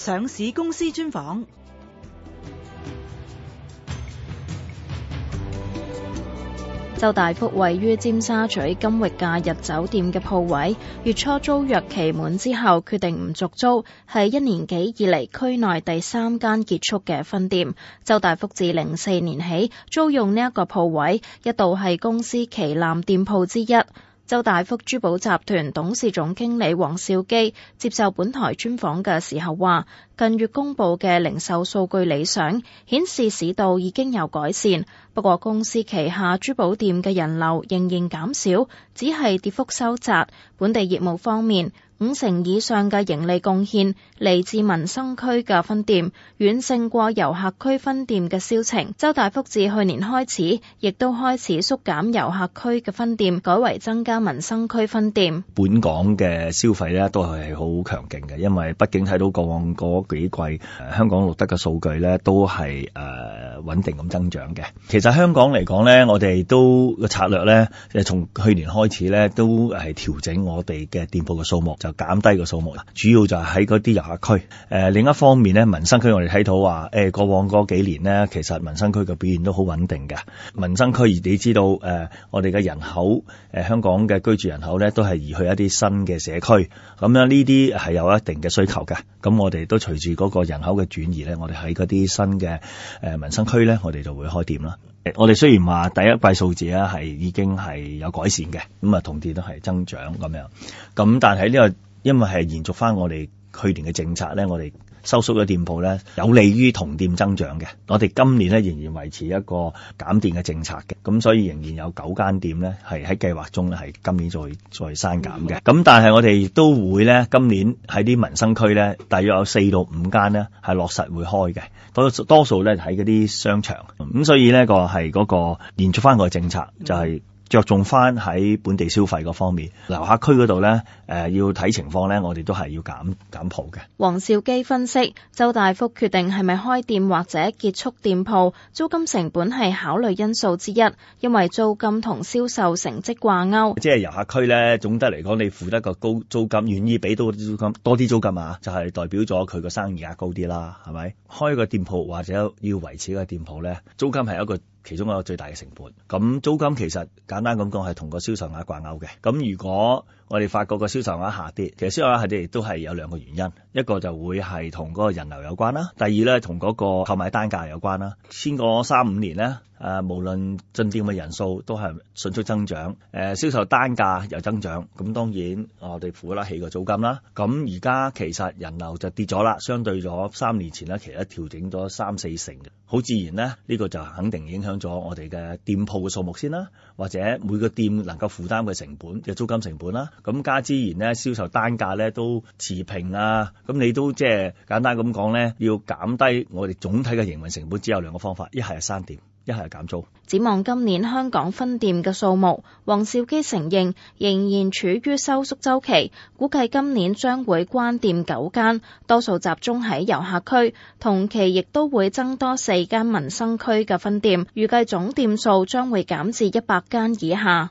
上市公司專訪，周大福位於尖沙咀金域假日酒店嘅鋪位，月初租約期滿之後決定唔續租，係一年幾以嚟區內第三間結束嘅分店。周大福自零四年起租用呢一個鋪位，一度係公司旗艦店鋪之一。周大福珠寶集團董事總經理黃紹基接受本台專訪嘅時候話，近月公布嘅零售數據理想，顯示市道已經有改善。不過公司旗下珠寶店嘅人流仍然減少，只係跌幅收窄。本地業務方面。五成以上嘅盈利貢獻嚟自民生區嘅分店，遠勝過遊客區分店嘅銷情。周大福自去年開始，亦都開始縮減遊客區嘅分店，改為增加民生區分店。本港嘅消費咧都係好強勁嘅，因為畢竟睇到過往嗰幾季，呃，香港錄得嘅數據咧都係誒。呃穩定咁增長嘅，其實香港嚟講咧，我哋都個策略咧，從去年開始咧，都係調整我哋嘅店鋪嘅數目，就減低個數目喇。主要就係喺嗰啲遊客區。誒、呃、另一方面咧，民生區我哋睇到話，誒、呃、過往嗰幾年咧，其實民生區嘅表現都好穩定嘅。民生區而你知道，誒、呃、我哋嘅人口，呃、香港嘅居住人口咧，都係移去一啲新嘅社區。咁樣呢啲係有一定嘅需求嘅。咁我哋都隨住嗰個人口嘅轉移咧，我哋喺嗰啲新嘅、呃、民生。區咧，我哋就會開店啦。誒，我哋雖然話第一季數字啊，係已經係有改善嘅，咁啊，同店都係增長咁樣咁，但係呢、呢個因為係延續翻我哋去年嘅政策咧，我哋。收縮嘅店鋪咧，有利於同店增長嘅。我哋今年咧仍然維持一個減店嘅政策嘅，咁所以仍然有九間店咧係喺計劃中咧係今年再再刪減嘅。咁但係我哋亦都會咧今年喺啲民生區咧，大約有四到五間咧係落實會開嘅。多多數咧喺嗰啲商場，咁所以咧，個係嗰個延續翻個政策，就係着重翻喺本地消費嗰方面。樓下區嗰度咧。誒、呃，要睇情況咧，我哋都係要減減鋪嘅。黃紹基分析，周大福決定係咪開店或者結束店鋪，租金成本係考慮因素之一，因為租金同銷售成績掛鈎。即係遊客區咧，總得嚟講，你付得個高租金，願意俾多啲租金，多啲租金啊，就係、是、代表咗佢個生意額高啲啦，係咪？開個店鋪或者要維持個店鋪咧，租金係一個其中一個最大嘅成本。咁租金其實簡單咁講係同個銷售額掛鈎嘅。咁如果我哋發覺個銷銷售額下跌，其實銷售額下跌亦都係有兩個原因，一個就會係同嗰個人流有關啦，第二咧同嗰個購買單價有關啦，先個三五年咧。誒、啊，無論進店嘅人數都係迅速增長，誒、呃、銷售單價又增長，咁當然、啊、我哋付得起個租金啦。咁而家其實人流就跌咗啦，相對咗三年前咧，其實調整咗三四成嘅，好自然呢，呢、呢個就肯定影響咗我哋嘅店鋪嘅數目先啦，或者每個店能夠負擔嘅成本嘅租金成本啦。咁加之然呢，銷售單價呢都持平啊，咁你都即係簡單咁講呢，要減低我哋總體嘅營運成本，只有兩個方法，一係刪店一係減租。展望今年香港分店嘅數目，黃紹基承認仍然處於收縮周期，估計今年將會關店九間，多數集中喺遊客區。同期亦都會增多四間民生區嘅分店，預計總店數將會減至一百間以下。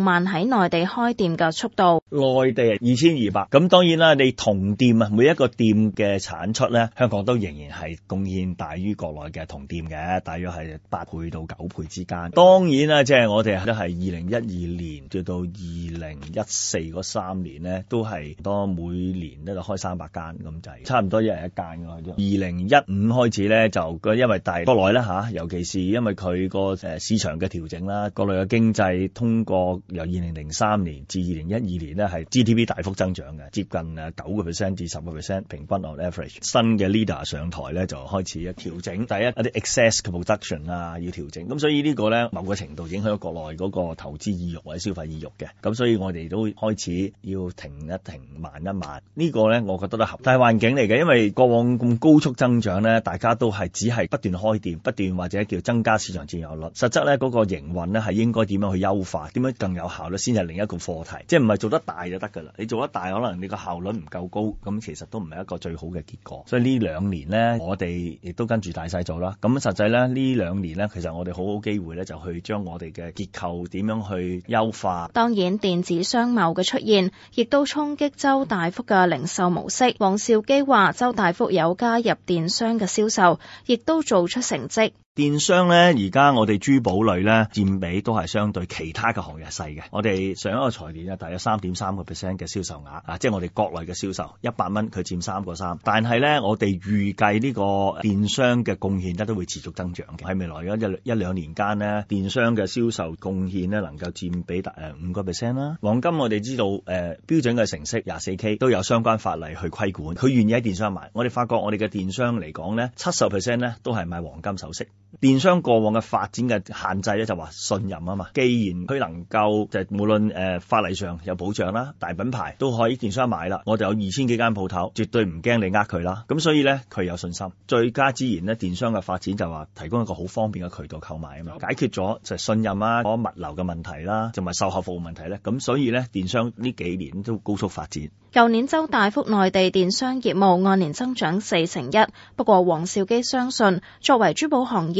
慢喺內地開店嘅速度，內地二千二百，咁當然啦，你同店啊，每一個店嘅產出咧，香港都仍然係貢獻大於國內嘅同店嘅，大約係八倍到九倍之間。當然啦，即係我哋都係二零一二年做到二零一四嗰三年咧，都係多每年都個開三百間咁制，差唔多一人一間嘅開張。二零一五開始咧，就因為大國內啦吓，尤其是因為佢個誒市場嘅調整啦，國內嘅經濟通過。由二零零三年至二零一二年咧，係 GDP 大幅增長嘅，接近啊九個 percent 至十個 percent 平均 on average。新嘅 leader 上台咧，就開始一調整。第一一啲 excess 嘅 production 啊，要調整。咁所以這個呢個咧，某個程度影響咗國內嗰個投資意欲或者消費意欲嘅。咁所以我哋都開始要停一停，慢一慢。這個、呢個咧，我覺得都合大環境嚟嘅，因為過往咁高速增長咧，大家都係只係不斷開店、不斷或者叫增加市場占有率。實質咧嗰個營運咧係應該點樣去優化？點樣更有有效率先係另一個課題，即係唔係做得大就得㗎啦？你做得大，可能你個效率唔夠高，咁其實都唔係一個最好嘅結果。所以呢兩年呢，我哋亦都跟住大細做啦。咁實際呢，呢兩年呢，其實我哋好好機會呢，就去將我哋嘅結構點樣去優化。當然，電子商貿嘅出現，亦都衝擊周大福嘅零售模式。黃紹基話：周大福有加入電商嘅銷售，亦都做出成績。電商咧，而家我哋珠寶類咧，佔比都係相對其他嘅行業細嘅。我哋上一個財年啊，大約三點三個 percent 嘅銷售額啊，即係我哋國內嘅銷售一百蚊，佢佔三個三。但係咧，我哋預計呢個電商嘅貢獻咧都會持續增長嘅，喺未來一一,一兩年間咧，電商嘅銷售貢獻咧能夠佔比達誒五個 percent 啦。黃金我哋知道誒、呃、標準嘅成色廿四 K 都有相關法例去規管，佢願意喺電商買。我哋發覺我哋嘅電商嚟講咧，七十 percent 咧都係賣黃金首飾。電商過往嘅發展嘅限制咧，就話信任啊嘛。既然佢能夠就是，無論誒、呃、法例上有保障啦，大品牌都可以電商買啦，我哋有二千幾間鋪頭，絕對唔驚你呃佢啦。咁所以呢，佢有信心。最佳之，然呢，電商嘅發展就話提供一個好方便嘅渠道購買啊嘛，解決咗就是，信任啊、物流嘅問題啦，同埋售後服務問題呢。咁所以呢，電商呢幾年都高速發展。舊年周大福內地電商業務按年增長四成一，不過黃紹基相信作為珠寶行業。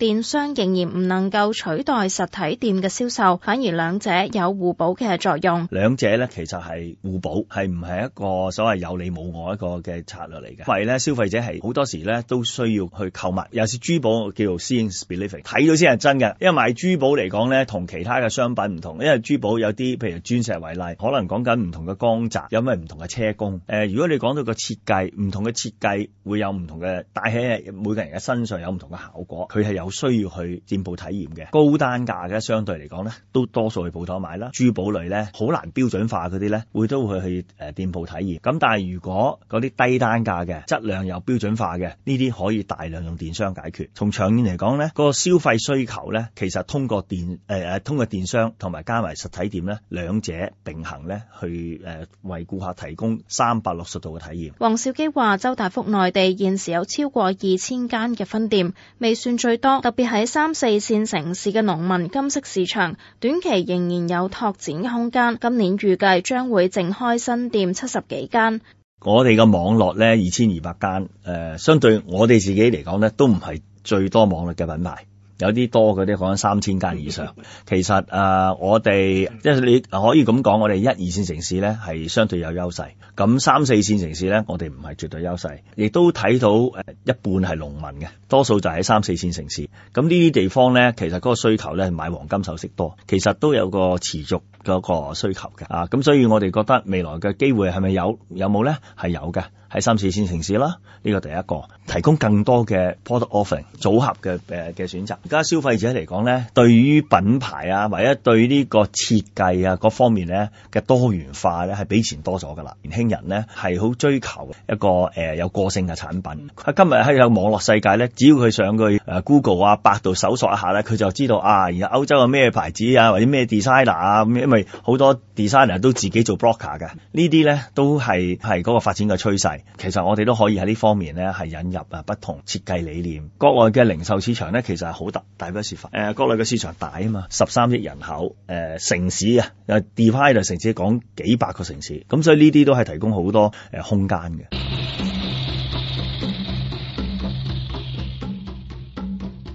電商仍然唔能夠取代實體店嘅銷售，反而兩者有互補嘅作用。兩者咧其實係互補，係唔係一個所謂有你冇我一個嘅策略嚟嘅。因為咧消費者係好多時咧都需要去購物，尤其是珠寶叫做 Seeing Specific，睇到先係真嘅。因為賣珠寶嚟講咧，同其他嘅商品唔同，因為珠寶有啲譬如鑽石為例，可能講緊唔同嘅光澤，有咩唔同嘅車工。誒、呃，如果你講到個設計，唔同嘅設計會有唔同嘅戴喺每個人嘅身上有唔同嘅效果，佢係有。需要去店鋪體驗嘅高單價嘅，相對嚟講咧，都多數去鋪頭買啦。珠寶類咧，好難標準化嗰啲咧，會都會去誒店鋪體驗。咁但係如果嗰啲低單價嘅，質量又標準化嘅，呢啲可以大量用電商解決。從長遠嚟講咧，個消費需求咧，其實通過電誒誒、呃、通過電商同埋加埋實體店咧，兩者並行咧，去誒為顧客提供三百六十度嘅體驗。黃紹基話，周大福內地現時有超過二千間嘅分店，未算最多。特別喺三四線城市嘅農民金色市場，短期仍然有拓展空間。今年預計將會淨開新店七十幾間。我哋嘅網絡呢，二千二百間，誒、呃，相對我哋自己嚟講呢都唔係最多網絡嘅品牌。有啲多嗰啲講緊三千間以上，其實啊，uh, 我哋即係你可以咁講，我哋一二線城市呢係相對有優勢，咁三四線城市呢，我哋唔係絕對優勢，亦都睇到一半係農民嘅，多數就喺三四線城市，咁呢啲地方呢，其實嗰個需求呢，買黃金首飾多，其實都有個持續嗰個需求嘅啊，咁所以我哋覺得未來嘅機會係咪有有冇呢？係有嘅。喺三四線城市啦，呢個第一個提供更多嘅 product offering 組合嘅誒嘅選擇，而家消費者嚟講咧，對於品牌啊，或者對呢個設計啊各方面咧嘅多元化咧，係比以前多咗噶啦。年輕人咧係好追求一個誒、呃、有個性嘅產品啊。今日喺有網絡世界咧，只要佢上佢誒 Google 啊、百度搜索一下咧，佢就知道啊，而家歐洲嘅咩牌子啊，或者咩 designer 啊，咁因為好多 designer 都自己做 broker 嘅，這些呢啲咧都係係個發展嘅趨勢。其實我哋都可以喺呢方面咧係引入啊不同設計理念。國外嘅零售市場咧其實係好大，大不説法誒國內嘅市場大啊嘛，十三億人口，誒、呃、城市啊，誒、呃、divide 城市講幾百個城市，咁所以呢啲都係提供好多誒、呃、空間嘅。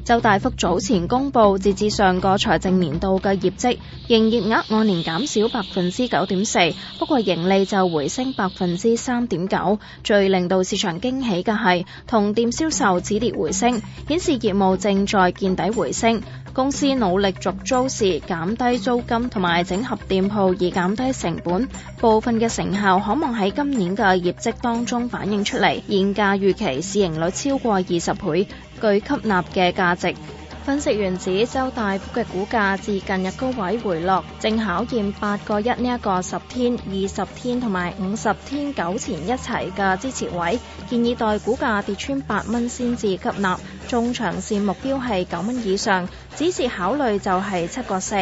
周大福早前公布，截至上個財政年度嘅業績，營業額，額按年減少百分之九點四，不過盈利就回升百分之三點九。最令到市場驚喜嘅係，同店銷售止跌回升，顯示業務正在見底回升。公司努力續租時減低租金，同埋整合店鋪以減低成本，部分嘅成效可望喺今年嘅業績當中反映出嚟。現價預期市盈率超過二十倍。具吸納嘅價值，分析員指周大福嘅股價自近日高位回落，正考驗八個一呢一個十天、二十天同埋五十天九前一齊嘅支持位，建議待股價跌穿八蚊先至吸納，中長線目標係九蚊以上，止蝕考慮就係七個四。